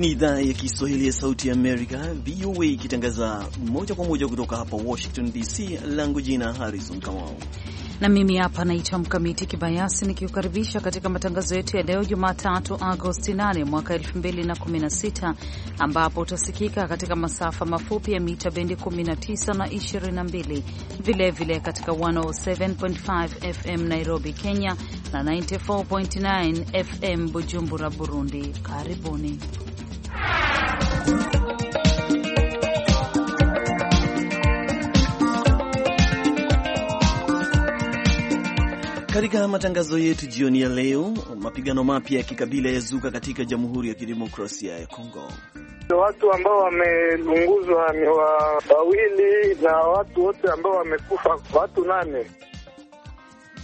ni idhaa ya Kiswahili ya Sauti ya Amerika, VOA, ikitangaza moja kwa moja kutoka hapa Washington DC. Langu jina Harrison Kamau na mimi hapa naitwa Mkamiti Kibayasi nikiukaribisha katika matangazo yetu ya leo Jumatatu, Agosti 8 mwaka 2016, ambapo utasikika katika masafa mafupi ya mita bendi 19 na 22, vilevile vile katika 107.5 FM Nairobi, Kenya na 94.9 FM Bujumbura, Burundi. Karibuni. Katika matangazo yetu jioni ya leo, mapigano mapya ya kikabila yazuka katika Jamhuri ya Kidemokrasia ya Kongo. Watu ambao wamelunguzwa ni wawili na watu wote ambao wamekufa watu nane.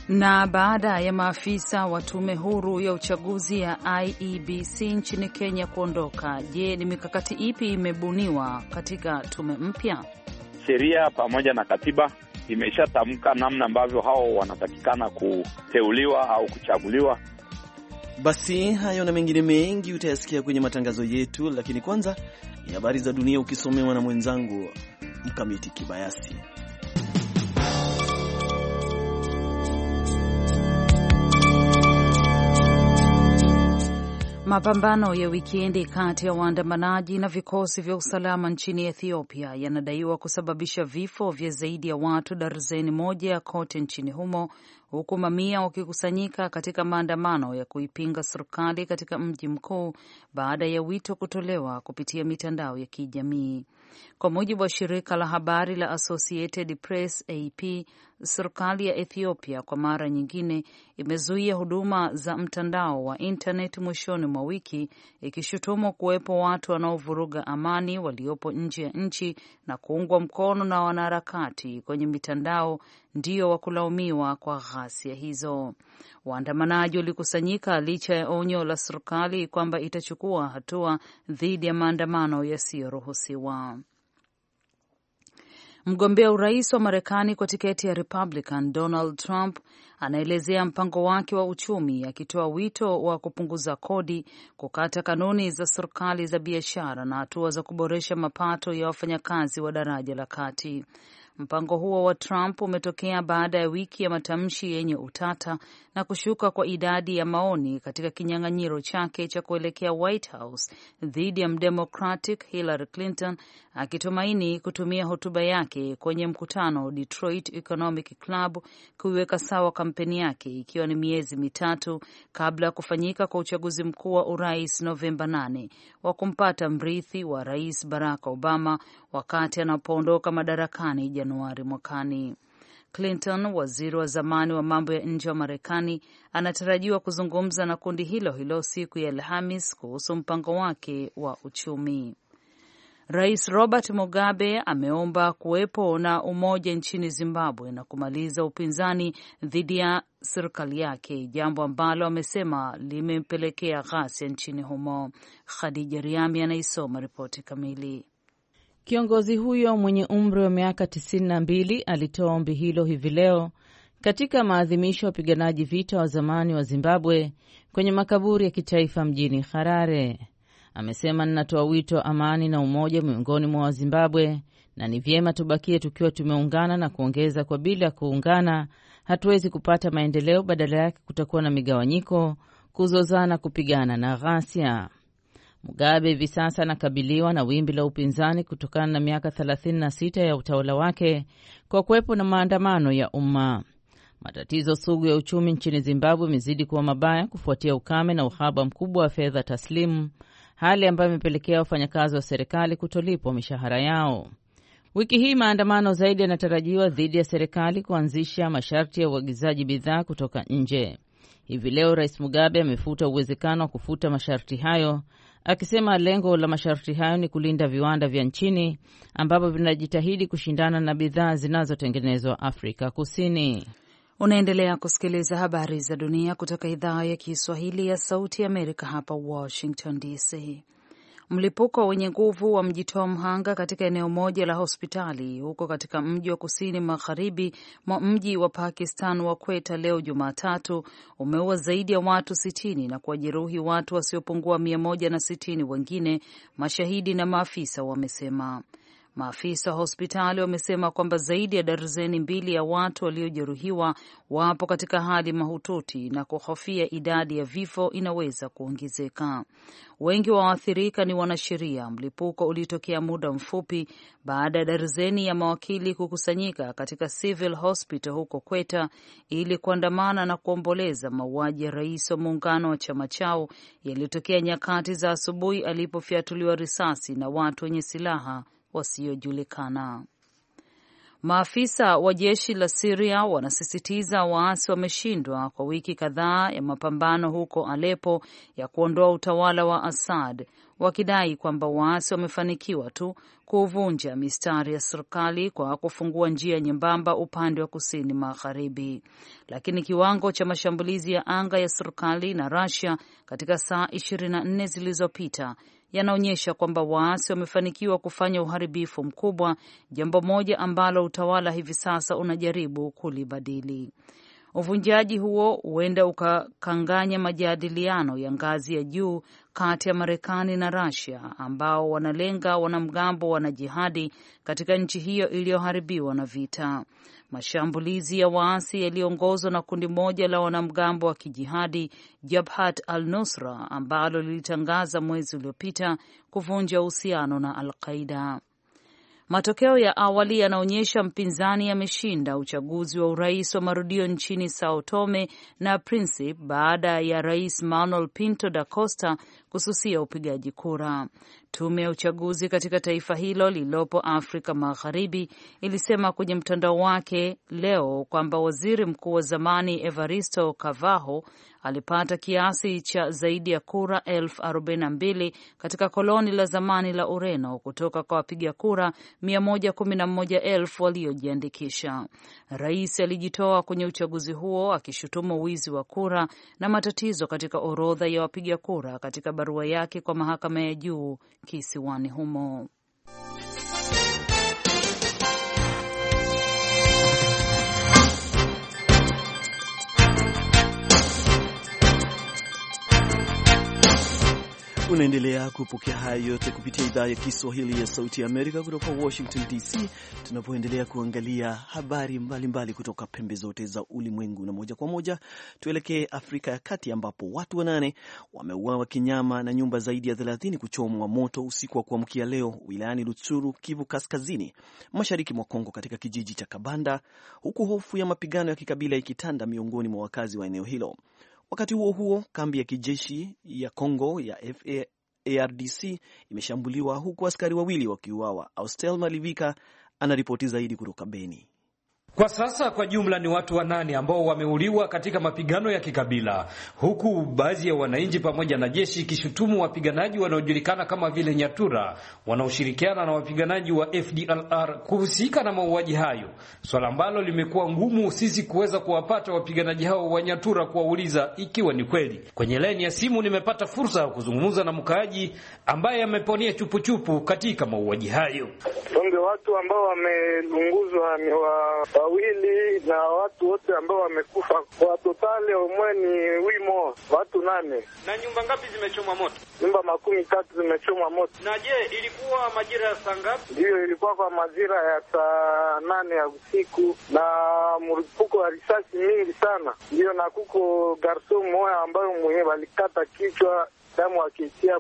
Na baada ya maafisa wa tume huru ya uchaguzi ya IEBC nchini Kenya kuondoka, je, ni mikakati ipi imebuniwa katika tume mpya? Sheria pamoja na katiba imeshatamka namna ambavyo hao wanatakikana kuteuliwa au kuchaguliwa. Basi hayo na mengine mengi utayasikia kwenye matangazo yetu, lakini kwanza ni habari za dunia ukisomewa na mwenzangu Mkamiti Kibayasi. Mapambano ya wikendi kati ya waandamanaji na vikosi vya usalama nchini Ethiopia yanadaiwa kusababisha vifo vya zaidi ya watu darzeni moja kote nchini humo huku mamia wakikusanyika katika maandamano ya kuipinga serikali katika mji mkuu baada ya wito kutolewa kupitia mitandao ya kijamii. Kwa mujibu wa shirika la habari la Associated Press AP, serikali ya Ethiopia kwa mara nyingine imezuia huduma za mtandao wa intnet mwishoni mwa wiki, ikishutumu kuwepo watu wanaovuruga amani waliopo nje ya nchi na kuungwa mkono na wanaharakati kwenye mitandao ndio wa kulaumiwa kwa ghasia hizo. Waandamanaji walikusanyika licha ya onyo la serikali kwamba itachukua hatua dhidi ya maandamano yasiyoruhusiwa. Mgombea urais wa Marekani kwa tiketi ya Republican Donald Trump anaelezea mpango wake wa uchumi akitoa wito wa kupunguza kodi, kukata kanuni za serikali za biashara na hatua za kuboresha mapato ya wafanyakazi wa daraja la kati. Mpango huo wa Trump umetokea baada ya wiki ya matamshi yenye utata na kushuka kwa idadi ya maoni katika kinyang'anyiro chake cha kuelekea White House dhidi ya mdemocratic Hillary Clinton akitumaini kutumia hotuba yake kwenye mkutano Detroit Economic Club kuiweka sawa kampeni yake ikiwa ni miezi mitatu kabla ya kufanyika kwa uchaguzi mkuu wa urais Novemba 8 wa kumpata mrithi wa Rais Barack Obama wakati anapoondoka madarakani Januari mwakani. Clinton, waziri wa zamani wa mambo ya nje wa Marekani, anatarajiwa kuzungumza na kundi hilo hilo siku ya Alhamis kuhusu mpango wake wa uchumi. Rais Robert Mugabe ameomba kuwepo na umoja nchini Zimbabwe na kumaliza upinzani dhidi ya serikali yake, jambo ambalo amesema limepelekea ghasia nchini humo. Khadija Riami anaisoma ripoti kamili. Kiongozi huyo mwenye umri wa miaka 92 alitoa ombi hilo hivi leo katika maadhimisho ya wapiganaji vita wa zamani wa Zimbabwe kwenye makaburi ya kitaifa mjini Harare. Amesema, ninatoa wito wa amani na umoja miongoni mwa Wazimbabwe na ni vyema tubakie tukiwa tumeungana, na kuongeza kwa bila kuungana hatuwezi kupata maendeleo, badala yake kutakuwa na migawanyiko, kuzozana, kupigana na ghasia. Mugabe hivi sasa anakabiliwa na wimbi la upinzani kutokana na miaka 36 ya utawala wake kwa kuwepo na maandamano ya umma. Matatizo sugu ya uchumi nchini Zimbabwe imezidi kuwa mabaya kufuatia ukame na uhaba mkubwa wa fedha taslimu hali ambayo imepelekea wafanyakazi wa serikali kutolipwa mishahara yao. Wiki hii maandamano zaidi yanatarajiwa dhidi ya serikali kuanzisha masharti ya uagizaji bidhaa kutoka nje. Hivi leo Rais Mugabe amefuta uwezekano wa kufuta masharti hayo, akisema lengo la masharti hayo ni kulinda viwanda vya nchini ambavyo vinajitahidi kushindana na bidhaa zinazotengenezwa Afrika Kusini. Unaendelea kusikiliza habari za dunia kutoka idhaa ya Kiswahili ya Sauti ya Amerika, hapa Washington DC. Mlipuko wenye nguvu wa mjitoa mhanga katika eneo moja la hospitali huko katika mji wa kusini magharibi mwa mji wa Pakistan wa Kweta leo Jumatatu umeua zaidi ya watu sitini na kuwajeruhi watu wasiopungua mia moja na sitini wengine, mashahidi na maafisa wamesema. Maafisa wa hospitali wamesema kwamba zaidi ya darzeni mbili ya watu waliojeruhiwa wapo katika hali mahututi na kuhofia idadi ya vifo inaweza kuongezeka. Wengi wa waathirika ni wanasheria. Mlipuko ulitokea muda mfupi baada ya darzeni ya mawakili kukusanyika katika Civil Hospital huko Kweta ili kuandamana na kuomboleza mauaji ya rais wa muungano wa chama chao yaliyotokea nyakati za asubuhi alipofyatuliwa risasi na watu wenye silaha wasiojulikana. Maafisa wa jeshi la Siria wanasisitiza waasi wameshindwa kwa wiki kadhaa ya mapambano huko Alepo ya kuondoa utawala wa Assad, wakidai kwamba waasi wamefanikiwa tu kuuvunja mistari ya serikali kwa kufungua njia nyembamba upande wa kusini magharibi, lakini kiwango cha mashambulizi ya anga ya serikali na Russia katika saa 24 zilizopita yanaonyesha kwamba waasi wamefanikiwa kufanya uharibifu mkubwa, jambo moja ambalo utawala hivi sasa unajaribu kulibadili. Uvunjaji huo huenda ukakanganya majadiliano ya ngazi ya juu kati ya Marekani na Rasia ambao wanalenga wanamgambo wanajihadi katika nchi hiyo iliyoharibiwa na vita. Mashambulizi ya waasi yaliyoongozwa na kundi moja la wanamgambo wa kijihadi Jabhat al-Nusra ambalo lilitangaza mwezi uliopita kuvunja uhusiano na Al-Qaida. Matokeo ya awali yanaonyesha mpinzani ameshinda ya uchaguzi wa urais wa marudio nchini Sao Tome na Principe baada ya Rais Manuel Pinto da Costa kususia upigaji kura. Tume ya uchaguzi katika taifa hilo lililopo Afrika Magharibi ilisema kwenye mtandao wake leo kwamba waziri mkuu wa zamani Evaristo Cavaho alipata kiasi cha zaidi ya kura elfu arobaini na mbili katika koloni la zamani la Ureno kutoka kwa wapiga kura mia moja kumi na moja elfu waliojiandikisha. Rais alijitoa kwenye uchaguzi huo akishutumu wizi wa kura na matatizo katika orodha ya wapiga kura katika barua yake kwa mahakama ya juu kisiwani humo. Unaendelea kupokea haya yote kupitia idhaa ya Kiswahili ya Sauti ya Amerika kutoka Washington DC, tunapoendelea kuangalia habari mbalimbali mbali kutoka pembe zote za ulimwengu. Na moja kwa moja tuelekee Afrika ya Kati, ambapo watu wanane wameuawa kinyama na nyumba zaidi ya 30 kuchomwa moto usiku wa kuamkia leo wilayani Rutsuru, Kivu Kaskazini, mashariki mwa Kongo, katika kijiji cha Kabanda, huku hofu ya mapigano ya kikabila ikitanda miongoni mwa wakazi wa eneo hilo. Wakati huo huo, kambi ya kijeshi ya Congo ya fardc imeshambuliwa huku askari wawili wakiuawa. Austel Malivika anaripoti zaidi kutoka Beni. Kwa sasa kwa jumla ni watu wanane ambao wameuliwa katika mapigano ya kikabila, huku baadhi ya wananchi pamoja na jeshi ikishutumu wapiganaji wanaojulikana kama vile Nyatura wanaoshirikiana na wapiganaji wa FDLR kuhusika na mauaji hayo, swala ambalo limekuwa ngumu sisi kuweza kuwapata wapiganaji hao wa Nyatura kuwauliza ikiwa ni kweli. Kwenye laini ya simu nimepata fursa ya kuzungumza na mkaaji ambaye ameponia chupuchupu katika mauaji hayo. watu ambao wamelunguzwa wa wawili na watu wote ambao wamekufa kwa totale omwe ni wimo watu nane. Na nyumba ngapi zimechomwa moto? Nyumba makumi tatu zimechomwa moto. Na je, ilikuwa majira ya saa ngapi? Ndiyo, ilikuwa kwa majira ya saa nane ya usiku, na mlipuko wa risasi mingi sana. Ndiyo, na kuko garso moya ambayo mwenye walikata kichwa damu akiitia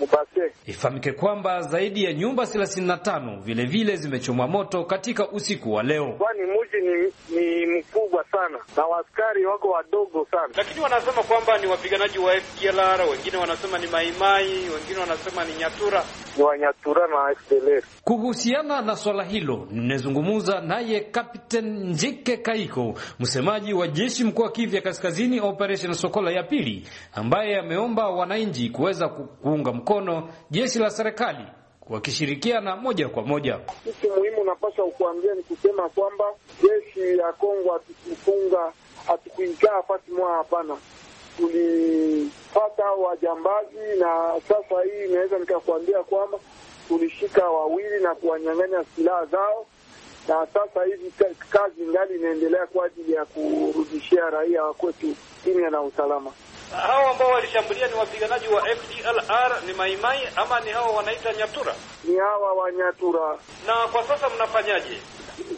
mubase. Ifahamike kwamba zaidi ya nyumba 35 vilevile zimechomwa moto katika usiku wa leo, kwani mji ni, ni mkubwa sana na waskari wako wadogo sana, lakini wanasema kwamba ni wapiganaji wa FDLR, wengine wanasema ni maimai, wengine wanasema ni nyatura, ni wanyatura na FDLR. Kuhusiana na swala hilo nimezungumza naye Captain Njike Kaiko, msemaji wa jeshi mkoa Kivu ya Kaskazini, Operation Sokola ya pili, ambaye ameomba wanai wananchi kuweza kuunga mkono jeshi la serikali wakishirikiana moja kwa moja. Kitu muhimu napaswa kukuambia ni kusema kwamba jeshi ya Kongo hatukufunga, hatukuikaa fasi mwa, hapana. Tulipata wajambazi, na sasa hii inaweza nikakuambia kwamba tulishika wawili na kuwanyang'anya silaha zao, na sasa hivi kazi ngali inaendelea kwa ajili ya kurudishia raia wakwetu kimya na usalama hao ambao walishambulia ni wapiganaji wa FDLR ni maimai ama ni hao wanaita Nyatura? Ni hawa wa Nyatura. Na kwa sasa mnafanyaje?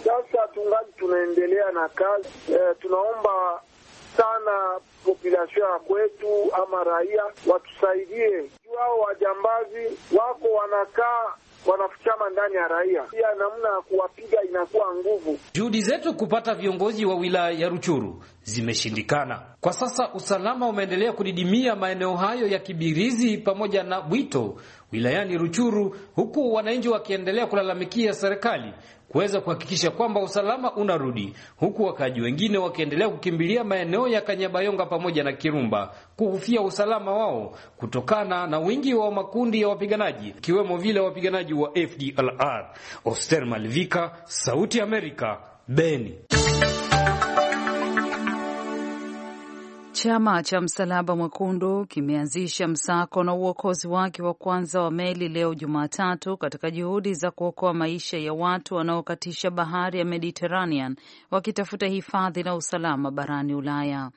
Sasa tungali tunaendelea na kazi e, tunaomba sana population ya kwetu ama raia watusaidie, wao wajambazi wako wanakaa wanafuchama ndani ya raia, pia namna ya kuwapiga inakuwa nguvu. Juhudi zetu kupata viongozi wa wilaya ya Ruchuru zimeshindikana. Kwa sasa usalama umeendelea kudidimia maeneo hayo ya Kibirizi pamoja na Bwito wilayani Ruchuru, huku wananchi wakiendelea kulalamikia serikali kuweza kuhakikisha kwamba usalama unarudi, huku wakaaji wengine wakiendelea kukimbilia maeneo ya Kanyabayonga pamoja na Kirumba kuhufia usalama wao kutokana na wingi wa makundi ya wapiganaji ikiwemo vile wapiganaji wa FDLR. Oster Malvika, Sauti Amerika, Beni. Chama cha Msalaba Mwekundu kimeanzisha msako na uokozi wake wa kwanza wa meli leo Jumatatu katika juhudi za kuokoa maisha ya watu wanaokatisha bahari ya Mediterranean wakitafuta hifadhi na usalama barani Ulaya.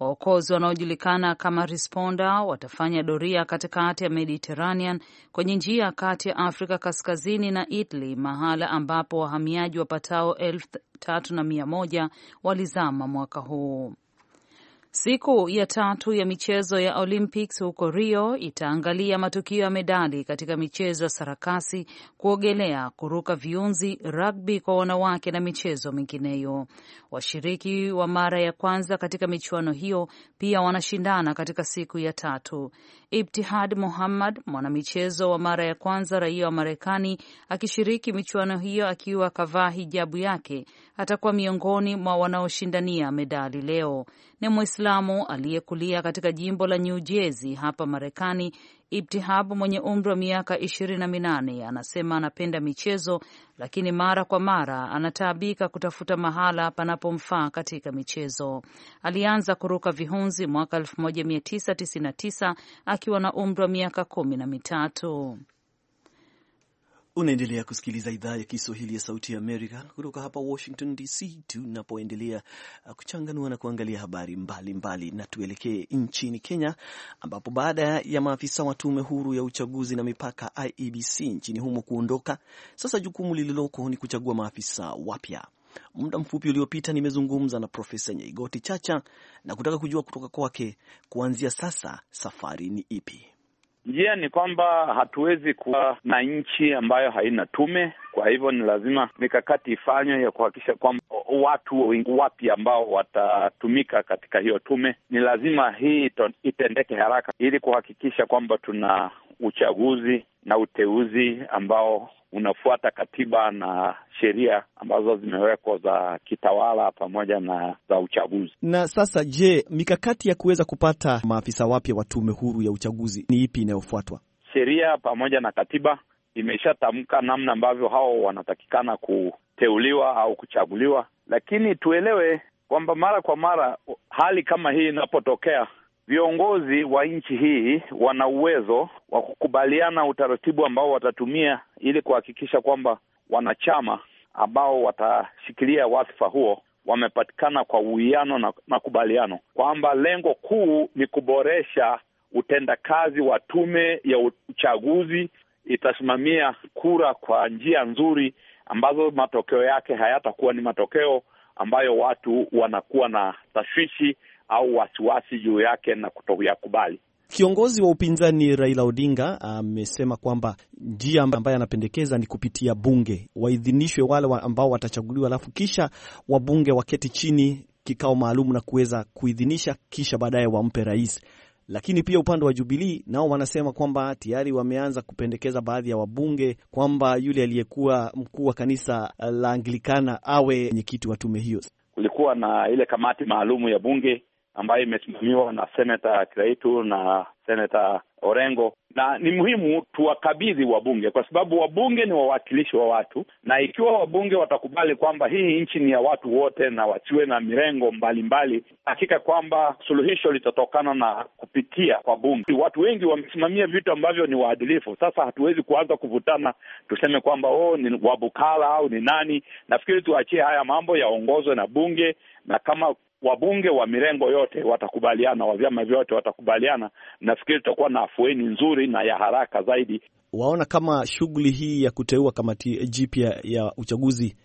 Waokozi wanaojulikana kama Responda watafanya doria katikati ya Mediterranean kwenye njia kati ya Afrika Kaskazini na Italy, mahala ambapo wahamiaji wapatao elfu tatu na mia moja walizama mwaka huu. Siku ya tatu ya michezo ya Olympics huko Rio itaangalia matukio ya medali katika michezo ya sarakasi, kuogelea, kuruka viunzi, rugby kwa wanawake na michezo mingineyo. Washiriki wa mara ya kwanza katika michuano hiyo pia wanashindana katika siku ya tatu. Ibtihad Muhammad, mwanamichezo wa mara ya kwanza raia wa Marekani akishiriki michuano hiyo akiwa kavaa hijabu yake, atakuwa miongoni mwa wanaoshindania medali leo. Ni Mwislamu Mwislamu aliyekulia katika jimbo la New Jersey hapa Marekani. Ibtihab mwenye umri wa miaka ishirini na minane anasema anapenda michezo, lakini mara kwa mara anataabika kutafuta mahala panapomfaa katika michezo. Alianza kuruka vihunzi mwaka 1999 akiwa na umri wa miaka kumi na mitatu. Unaendelea kusikiliza idhaa ya Kiswahili ya Sauti ya Amerika kutoka hapa Washington DC, tunapoendelea uh, kuchanganua na kuangalia habari mbalimbali. Na tuelekee nchini Kenya, ambapo baada ya maafisa wa tume huru ya uchaguzi na mipaka IEBC nchini humo kuondoka, sasa jukumu lililoko ni kuchagua maafisa wapya. Muda mfupi uliopita nimezungumza na Profesa Nyaigoti Chacha na kutaka kujua kutoka kwake, kuanzia sasa safari ni ipi? Njia ni kwamba hatuwezi kuwa na nchi ambayo haina tume. Kwa hivyo ni lazima mikakati ifanywe ya kuhakikisha kwamba watu wapya ambao watatumika katika hiyo tume, ni lazima hii itendeke haraka, ili kuhakikisha kwamba tuna uchaguzi na uteuzi ambao unafuata katiba na sheria ambazo zimewekwa za kitawala pamoja na za uchaguzi. Na sasa, je, mikakati ya kuweza kupata maafisa wapya wa tume huru ya uchaguzi ni ipi inayofuatwa? Sheria pamoja na katiba imeshatamka namna ambavyo hao wanatakikana kuteuliwa au kuchaguliwa, lakini tuelewe kwamba mara kwa mara hali kama hii inapotokea viongozi wa nchi hii wana uwezo wa kukubaliana utaratibu ambao watatumia ili kuhakikisha kwamba wanachama ambao watashikilia wadhifa huo wamepatikana kwa uwiano na makubaliano, kwamba lengo kuu ni kuboresha utendakazi wa tume ya uchaguzi. Itasimamia kura kwa njia nzuri ambazo matokeo yake hayatakuwa ni matokeo ambayo watu wanakuwa na tashwishi au wasiwasi juu yake na kutoyakubali. Kiongozi wa upinzani Raila Odinga amesema kwamba njia ambayo anapendekeza ni kupitia bunge, waidhinishwe wale ambao watachaguliwa, alafu kisha wabunge waketi chini kikao maalum na kuweza kuidhinisha, kisha baadaye wampe rais. Lakini pia upande wa Jubilii nao wanasema kwamba tayari wameanza kupendekeza baadhi ya wabunge kwamba yule aliyekuwa mkuu wa kanisa la Anglikana awe mwenyekiti wa tume hiyo. Kulikuwa na ile kamati maalum ya bunge ambayo imesimamiwa na seneta Kiraitu na seneta Orengo, na ni muhimu tuwakabidhi wabunge, kwa sababu wabunge ni wawakilishi wa watu, na ikiwa wabunge watakubali kwamba hii nchi ni ya watu wote na wasiwe na mirengo mbalimbali, hakika kwamba suluhisho litatokana na kupitia kwa bunge. Watu wengi wamesimamia vitu ambavyo ni waadilifu. Sasa hatuwezi kuanza kuvutana tuseme kwamba oh, ni Wabukala au ni nani. Nafikiri tuachie haya mambo yaongozwe na bunge, na kama wabunge wa mirengo yote watakubaliana, wa vyama vyote watakubaliana, nafikiri tutakuwa na afueni nzuri na ya haraka zaidi. Waona kama shughuli hii ya kuteua kamati jipya ya uchaguzi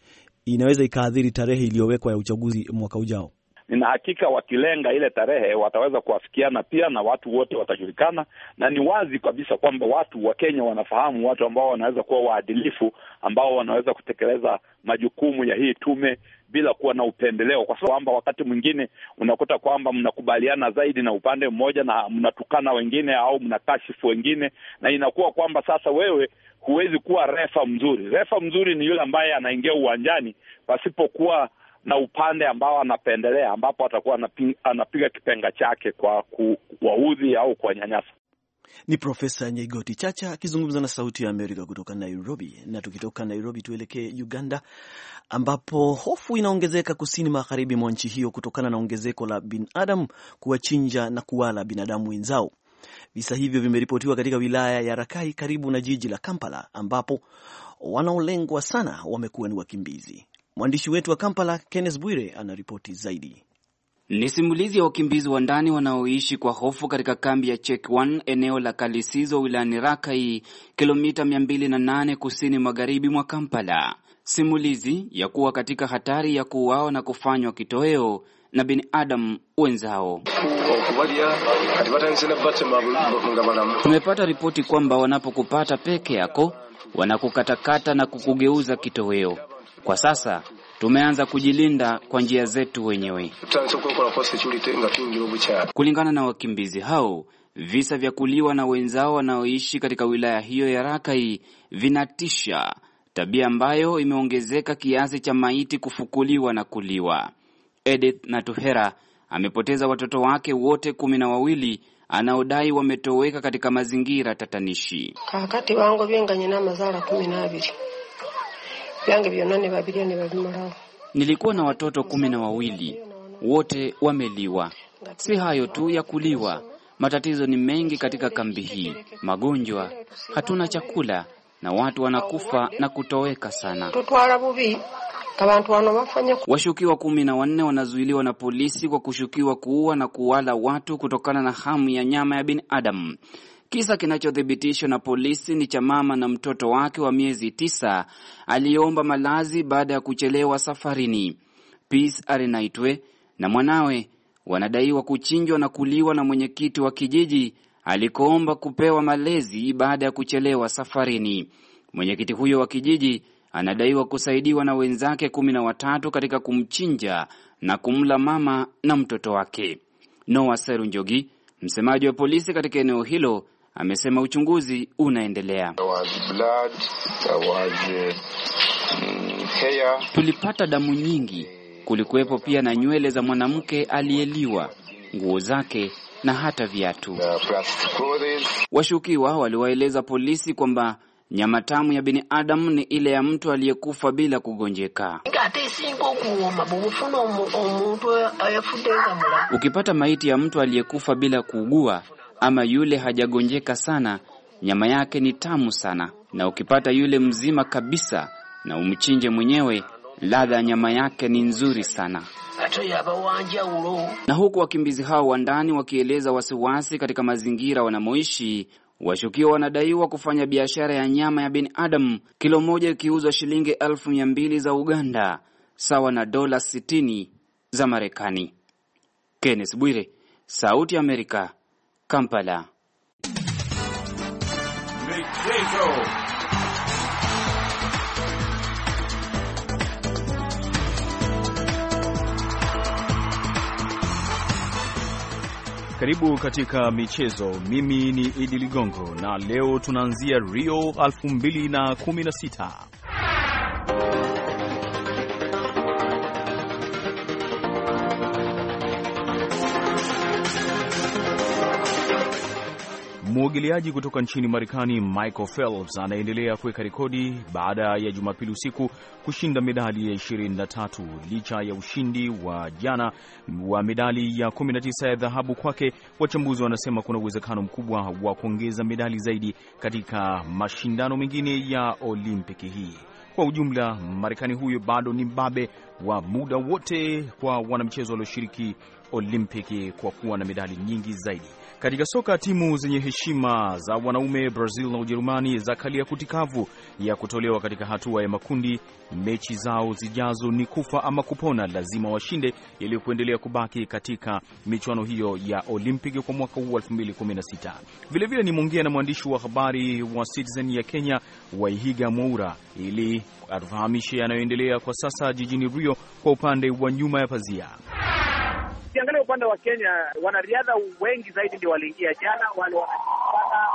inaweza ikaathiri tarehe iliyowekwa ya uchaguzi mwaka ujao? nina hakika wakilenga ile tarehe wataweza kuafikiana pia na watu wote watajulikana, na ni wazi kabisa kwamba watu wa Kenya wanafahamu watu ambao wanaweza kuwa waadilifu, ambao wanaweza kutekeleza majukumu ya hii tume bila kuwa na upendeleo, kwa sababu kwamba wakati mwingine unakuta kwamba mnakubaliana zaidi na upande mmoja na mnatukana wengine au mnakashifu wengine, na inakuwa kwamba sasa wewe huwezi kuwa refa mzuri. Refa mzuri ni yule ambaye anaingia uwanjani pasipokuwa na upande ambao anapendelea, ambapo atakuwa anapiga, kipenga chake kwa kuwaudhi au kwa nyanyasa Ni Profesa nyeigoti Chacha akizungumza na Sauti ya Amerika kutoka Nairobi. Na tukitoka Nairobi, tuelekee Uganda, ambapo hofu inaongezeka kusini magharibi mwa nchi hiyo kutokana na ongezeko la binadamu kuwachinja na kuwala binadamu wenzao. Visa hivyo vimeripotiwa katika wilaya ya Rakai karibu na jiji la Kampala, ambapo wanaolengwa sana wamekuwa ni wakimbizi. Mwandishi wetu wa Kampala, Kenneth Bwire, anaripoti zaidi. Ni simulizi ya wakimbizi wa ndani wanaoishi kwa hofu katika kambi ya chek eneo la Kalisizo wilayani Rakai, kilomita 208 kusini magharibi mwa Kampala. Simulizi ya kuwa katika hatari ya kuuawa na kufanywa kitoweo na binadamu wenzao. Tumepata ripoti kwamba wanapokupata peke yako wanakukatakata na kukugeuza kitoweo. Kwa sasa tumeanza kujilinda kwa njia zetu wenyewe. Kulingana na wakimbizi hao, visa vya kuliwa na wenzao wanaoishi katika wilaya hiyo ya Rakai vinatisha, tabia ambayo imeongezeka kiasi cha maiti kufukuliwa na kuliwa. Edith Natuhera amepoteza watoto wake wote kumi na wawili anaodai wametoweka katika mazingira tatanishi. kakati wangu benganye na mazara kumi na abiri ni Nilikuwa na watoto kumi na wawili, wote wameliwa. Si hayo tu ya kuliwa, matatizo ni mengi katika kambi hii, magonjwa, hatuna chakula na watu wanakufa na kutoweka sana. Washukiwa kumi na wanne wanazuiliwa na polisi kwa kushukiwa kuua na kuwala watu kutokana na hamu ya nyama ya binadamu. Kisa kinachothibitishwa na polisi ni cha mama na mtoto wake wa miezi tisa aliyeomba malazi baada ya kuchelewa safarini. Peace Arenaitwe na mwanawe wanadaiwa kuchinjwa na kuliwa na mwenyekiti wa kijiji alikoomba kupewa malezi baada ya kuchelewa safarini. Mwenyekiti huyo wa kijiji anadaiwa kusaidiwa na wenzake kumi na watatu katika kumchinja na kumla mama na mtoto wake. Noa Serunjogi, msemaji wa polisi katika eneo hilo, amesema uchunguzi unaendelea. blood, was, uh, tulipata damu nyingi, kulikuwepo pia na nywele za mwanamke aliyeliwa, nguo zake na hata viatu. Washukiwa waliwaeleza polisi kwamba nyama tamu ya binadamu ni ile ya mtu aliyekufa bila kugonjeka. Ukipata maiti ya mtu aliyekufa bila kuugua ama yule hajagonjeka sana, nyama yake ni tamu sana, na ukipata yule mzima kabisa na umchinje mwenyewe, ladha ya nyama yake ni nzuri sana. Na huku wakimbizi hao wa ndani wakieleza wasiwasi katika mazingira wanamoishi, washukiwa wanadaiwa kufanya biashara ya nyama ya binadamu, kilo moja ikiuzwa shilingi elfu mia mbili za Uganda, sawa na dola 60 za Marekani. Kenneth Bwire, Sauti ya Amerika, Kampala. Michezo. Karibu katika michezo. Mimi ni Idi Ligongo na leo tunaanzia Rio 2016. Mwogeleaji kutoka nchini Marekani Michael Phelps anaendelea kuweka rekodi baada ya Jumapili usiku kushinda medali ya 23 licha ya ushindi wa jana wa medali ya 19 ya dhahabu kwake. Wachambuzi wanasema kuna uwezekano mkubwa wa kuongeza medali zaidi katika mashindano mengine ya Olimpiki hii. Kwa ujumla, Marekani huyo bado ni mbabe wa muda wote kwa wanamchezo walioshiriki Olimpiki kwa kuwa na medali nyingi zaidi. Katika soka timu zenye heshima za wanaume Brazil na Ujerumani za kalia kutikavu ya kutolewa katika hatua ya makundi. Mechi zao zijazo ni kufa ama kupona, lazima washinde ili kuendelea kubaki katika michuano hiyo ya Olimpiki kwa mwaka huu 2016. Vilevile nimeongea na mwandishi wa habari wa Citizen ya Kenya Waihiga Mwaura ili atufahamishe yanayoendelea kwa sasa jijini Rio kwa upande wa nyuma ya pazia. Ukiangalia upande wa Kenya, wanariadha wengi zaidi ndio waliingia jana, wale wanashindana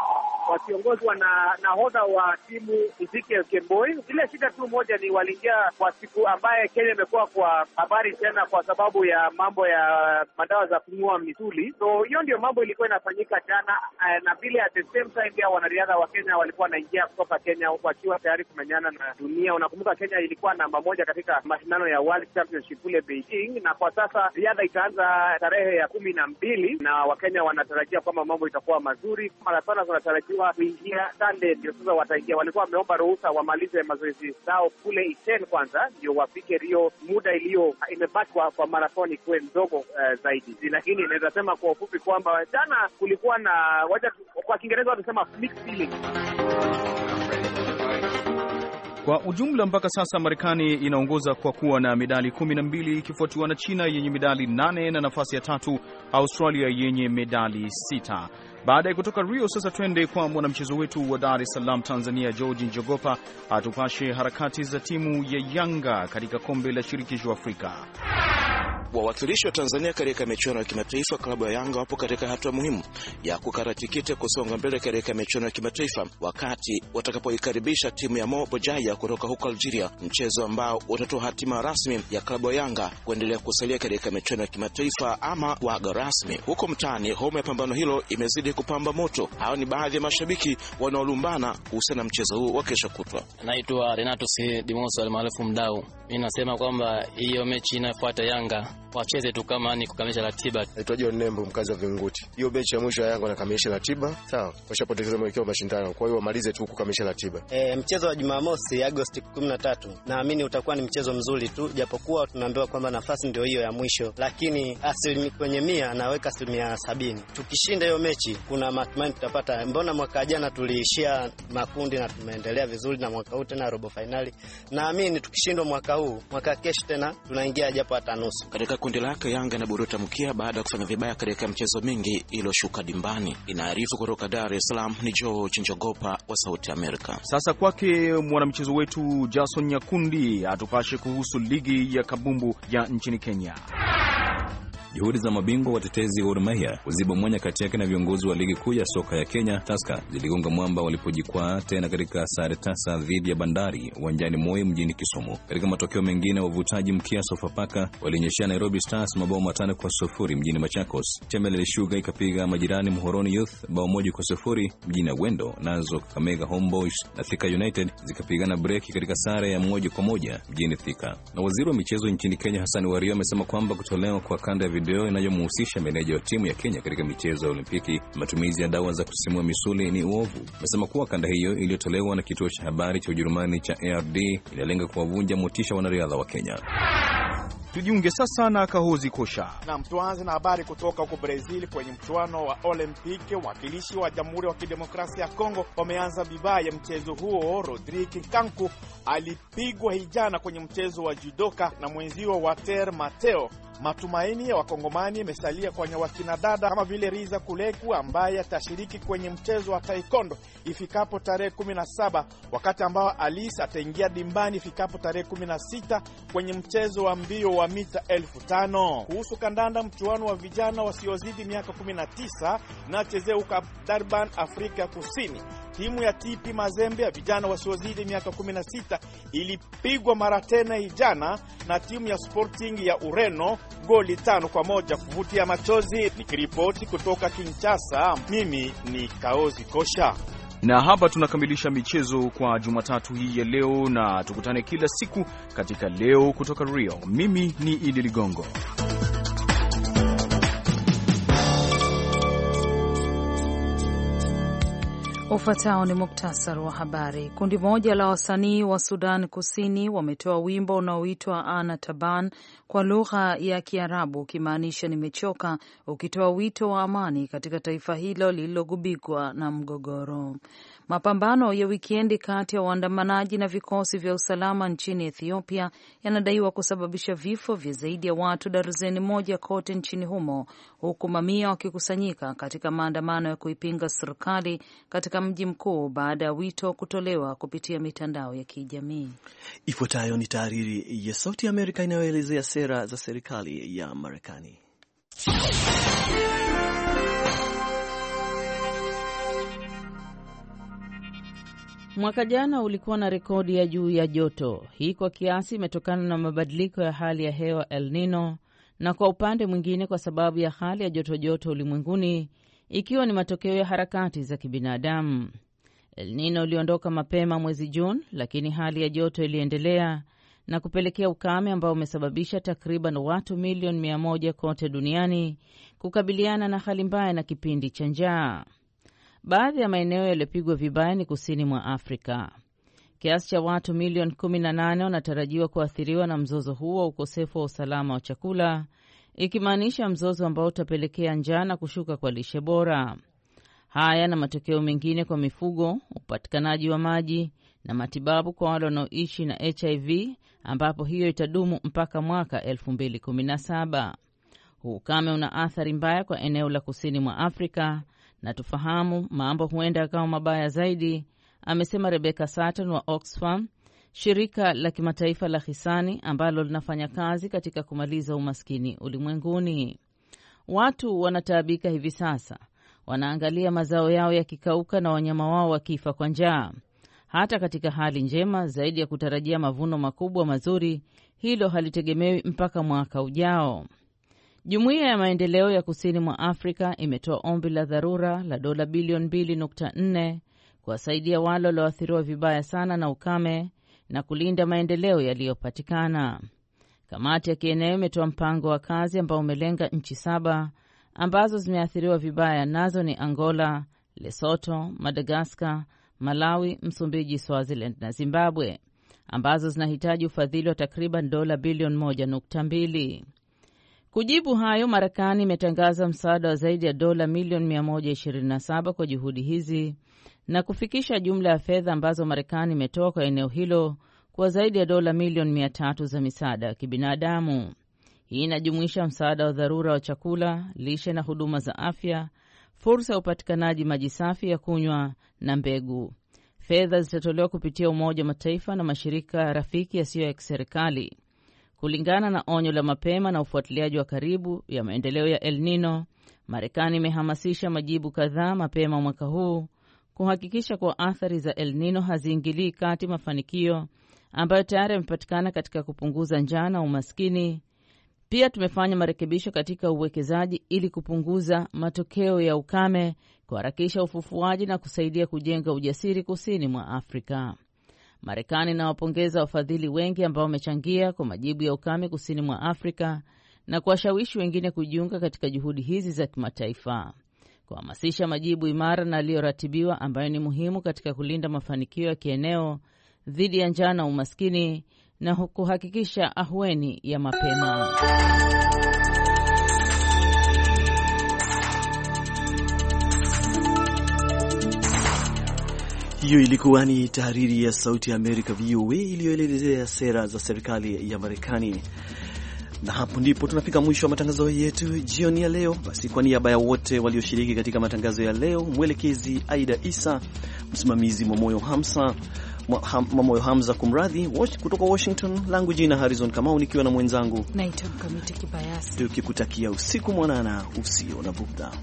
wakiongozwa na nahodha wa timu Ezekiel Kemboi. Ile shida tu moja ni waliingia kwa siku ambaye Kenya imekuwa kwa habari tena kwa sababu ya mambo ya madawa za kung'ua misuli, so hiyo ndio mambo ilikuwa inafanyika jana, eh, na vile at the same time pia wanariadha wa Kenya walikuwa wanaingia kutoka Kenya wakiwa tayari kumenyana na dunia. Unakumbuka Kenya ilikuwa namba moja katika mashindano ya World Championship kule Beijing, na kwa sasa riadha itaanza tarehe ya kumi na mbili na Wakenya wanatarajia kwamba mambo itakuwa mazuri. Marathon zinatarajiwa walitakiwa kuingia Sunday, ndio sasa wataingia. Walikuwa wameomba ruhusa wamalize mazoezi zao kule Iten kwanza, ndio wafike Rio. Muda iliyo imebaki kwa marathoni kuwe mdogo uh, eh, zaidi, lakini inaweza sema kwa ufupi kwamba jana kulikuwa na waja, kwa Kiingereza watasema mixed kwa ujumla mpaka sasa Marekani inaongoza kwa kuwa na medali kumi na mbili ikifuatiwa na China yenye medali nane na nafasi ya tatu Australia yenye medali sita. Baada ya kutoka Rio, sasa twende kwa mwanamchezo wetu wa Dar es Salaam, Tanzania, George Njogopa atupashe harakati za timu ya Yanga katika kombe la shirikisho Afrika. Wawakilishi wa Tanzania katika michuano ya kimataifa, klabu ya Yanga wapo katika hatua muhimu ya kukata tikiti kusonga mbele katika michuano ya kimataifa wakati watakapoikaribisha timu ya mobojaya kutoka huko Algeria, mchezo ambao utatoa hatima rasmi ya klabu ya Yanga kuendelea kusalia katika michuano ya kimataifa ama waga rasmi. Huko mtaani, homa ya pambano hilo imezidi kupamba moto. Hao ni baadhi ya mashabiki wanaolumbana kuhusiana na mchezo huu wa kesho kutwa. Naitwa Renato Dimoso almaarufu Mdau. Mi nasema kwamba hiyo mechi inayofuata Yanga wacheze tu kama ni kukamilisha ratiba. Naitwa John Nembo, mkazi wa Vinguti. Hiyo mechi ya mwisho ya Yanga wanakamilisha ratiba, sawa, Washapotekeza mwelekeo wa mashindano, kwa hiyo wamalize tu kukamilisha ratiba. E, mchezo wa Jumamosi Agosti 13 naamini utakuwa ni mchezo mzuri tu, japokuwa tunaambiwa kwamba nafasi ndio hiyo ya mwisho, lakini asilimia kwenye mia anaweka asilimia sabini. Tukishinda hiyo mechi, kuna matumaini tutapata. Mbona mwaka jana tuliishia makundi na tumeendelea vizuri, na mwaka huu tena robo fainali. Naamini tukishindwa mwaka huu, mwaka kesho tena tunaingia japo hata nusu katika kundi lake Yanga inaburuta mkia baada ya kufanya vibaya katika mchezo mingi iliyoshuka dimbani. Inaarifu kutoka Dar es Salaam ni George Njogopa wa Sauti Amerika. Sasa kwake mwanamchezo wetu Jason Nyakundi atupashe kuhusu ligi ya kabumbu ya nchini Kenya. Juhudi za mabingwa watetezi wa Gor Mahia kuziba mwanya kati yake na viongozi wa ligi kuu ya soka ya Kenya Taska ziligonga mwamba walipojikwaa tena katika sare tasa dhidi ya Bandari uwanjani Moi mjini Kisumu. Katika matokeo mengine, wavutaji mkia Sofapaka walionyeshea Nairobi Stars mabao matano kwa sufuri mjini Machakos. Chemelil Sugar ikapiga majirani Muhoroni Youth bao moja kwa sufuri mjini Awendo, nazo Kakamega Homeboys na Thika United zikapigana breki katika sare ya moja kwa moja mjini Thika. Na waziri wa michezo nchini Kenya Hassan Wario amesema kwamba kutolewa kwa kanda ya ndio inayomuhusisha meneja wa timu ya Kenya katika michezo ya Olimpiki. Matumizi ya dawa za kusisimua misuli ni uovu. Amesema kuwa kanda hiyo iliyotolewa na kituo cha habari cha Ujerumani cha ARD inalenga kuwavunja motisha wanariadha wa Kenya. Tujiunge sasa na Kahozi Kosha. Naam, tuanze na habari kutoka huko Brazil kwenye mchuano wa Olimpiki. Wakilishi wa Jamhuri wa Kidemokrasia ya Kongo wameanza vibaya mchezo huo. Rodrik Kanku alipigwa hijana kwenye mchezo wa judoka na wa Ter Mateo Matumaini ya wakongomani imesalia kwenye wakinadada dada kama vile Riza Kuleku ambaye atashiriki kwenye mchezo wa taekwondo ifikapo tarehe 17, wakati ambao Alice ataingia dimbani ifikapo tarehe 16 kwenye mchezo wa mbio wa mita elfu tano. Kuhusu kandanda, mchuano wa vijana wasiozidi miaka 19 na chezeuka Durban, Afrika Kusini timu ya TP Mazembe ya vijana wasiozidi miaka 16 ilipigwa mara tena hijana na timu ya Sporting ya Ureno goli tano kwa moja kuvutia machozi. Nikiripoti kutoka Kinshasa, mimi ni Kaozi Kosha na hapa tunakamilisha michezo kwa Jumatatu hii ya leo, na tukutane kila siku katika leo kutoka Rio. Mimi ni Idi Ligongo. Ufuatao ni muktasari wa habari. Kundi moja la wasanii wa Sudan Kusini wametoa wimbo unaoitwa Ana Taban kwa lugha ya Kiarabu, ukimaanisha nimechoka, ukitoa wito wa amani katika taifa hilo lililogubikwa na mgogoro. Mapambano ya wikendi kati ya waandamanaji na vikosi vya usalama nchini Ethiopia yanadaiwa kusababisha vifo vya zaidi ya watu darzeni moja kote nchini humo, huku mamia wakikusanyika katika maandamano ya kuipinga serikali katika mji mkuu baada ya wito kutolewa kupitia mitandao ya kijamii. Ifuatayo ni tahariri ya Sauti ya Amerika inayoelezea sera za serikali ya Marekani. Mwaka jana ulikuwa na rekodi ya juu ya joto. Hii kwa kiasi imetokana na mabadiliko ya hali ya hewa El Nino, na kwa upande mwingine kwa sababu ya hali ya joto joto ulimwenguni, ikiwa ni matokeo ya harakati za kibinadamu. El Nino iliondoka mapema mwezi Juni, lakini hali ya joto iliendelea na kupelekea ukame ambao umesababisha takriban watu milioni mia moja kote duniani kukabiliana na hali mbaya na kipindi cha njaa. Baadhi ya maeneo yaliyopigwa vibaya ni kusini mwa Afrika. Kiasi cha watu milioni 18 wanatarajiwa kuathiriwa na mzozo huo wa ukosefu wa usalama wa chakula, ikimaanisha mzozo ambao utapelekea njaa na kushuka kwa lishe bora. Haya na matokeo mengine kwa mifugo, upatikanaji wa maji na matibabu kwa wale wanaoishi na HIV, ambapo hiyo itadumu mpaka mwaka 2017. Huu ukame una athari mbaya kwa eneo la kusini mwa Afrika na tufahamu mambo huenda yakawa mabaya zaidi, amesema Rebecca Sutton wa Oxfam, shirika la kimataifa la hisani ambalo linafanya kazi katika kumaliza umaskini ulimwenguni. Watu wanataabika hivi sasa, wanaangalia mazao yao yakikauka na wanyama wao wakifa kwa njaa. Hata katika hali njema zaidi ya kutarajia mavuno makubwa mazuri, hilo halitegemewi mpaka mwaka ujao. Jumuiya ya maendeleo ya kusini mwa Afrika imetoa ombi la dharura la dola bilioni 2.4 kuwasaidia wale walioathiriwa vibaya sana na ukame na kulinda maendeleo yaliyopatikana. Kamati ya kieneo imetoa mpango wa kazi ambao umelenga nchi saba ambazo zimeathiriwa vibaya, nazo ni Angola, lesoto Madagaskar, Malawi, Msumbiji, Swaziland na Zimbabwe, ambazo zinahitaji ufadhili wa takriban dola bilioni mbili. Kujibu hayo, Marekani imetangaza msaada wa zaidi ya dola milioni 127 kwa juhudi hizi na kufikisha jumla ya fedha ambazo Marekani imetoa kwa eneo hilo kwa zaidi ya dola milioni 300 za misaada ya kibinadamu. Hii inajumuisha msaada wa dharura wa chakula, lishe na huduma za afya, fursa ya upatikanaji maji safi ya kunywa na mbegu. Fedha zitatolewa kupitia Umoja wa Mataifa na mashirika rafiki yasiyo ya kiserikali Kulingana na onyo la mapema na ufuatiliaji wa karibu ya maendeleo ya El Nino, Marekani imehamasisha majibu kadhaa mapema mwaka huu kuhakikisha kuwa athari za El Nino haziingilii kati mafanikio ambayo tayari yamepatikana katika kupunguza njaa na umaskini. Pia tumefanya marekebisho katika uwekezaji ili kupunguza matokeo ya ukame, kuharakisha ufufuaji na kusaidia kujenga ujasiri kusini mwa Afrika. Marekani inawapongeza wafadhili wengi ambao wamechangia kwa majibu ya ukame kusini mwa Afrika na kuwashawishi wengine kujiunga katika juhudi hizi za kimataifa kuhamasisha majibu imara na yaliyoratibiwa ambayo ni muhimu katika kulinda mafanikio ya kieneo dhidi ya njaa na umaskini na kuhakikisha ahueni ya mapema. Hiyo ilikuwa ni tahariri ya Sauti ya Amerika, VOA, iliyoelezea sera za serikali ya Marekani. Na hapo ndipo tunafika mwisho wa matangazo yetu jioni ya leo. Basi, kwa niaba ya wote walioshiriki katika matangazo ya leo, mwelekezi Aida Isa, msimamizi Mwamoyo Hamza, Mamoyo Hamza kumradhi, kutoka Washington, langu jina Harrison Kamau, nikiwa na mwenzangu naitwa Mkamiti Kibayasi, tukikutakia usiku mwanana usio na bughudha.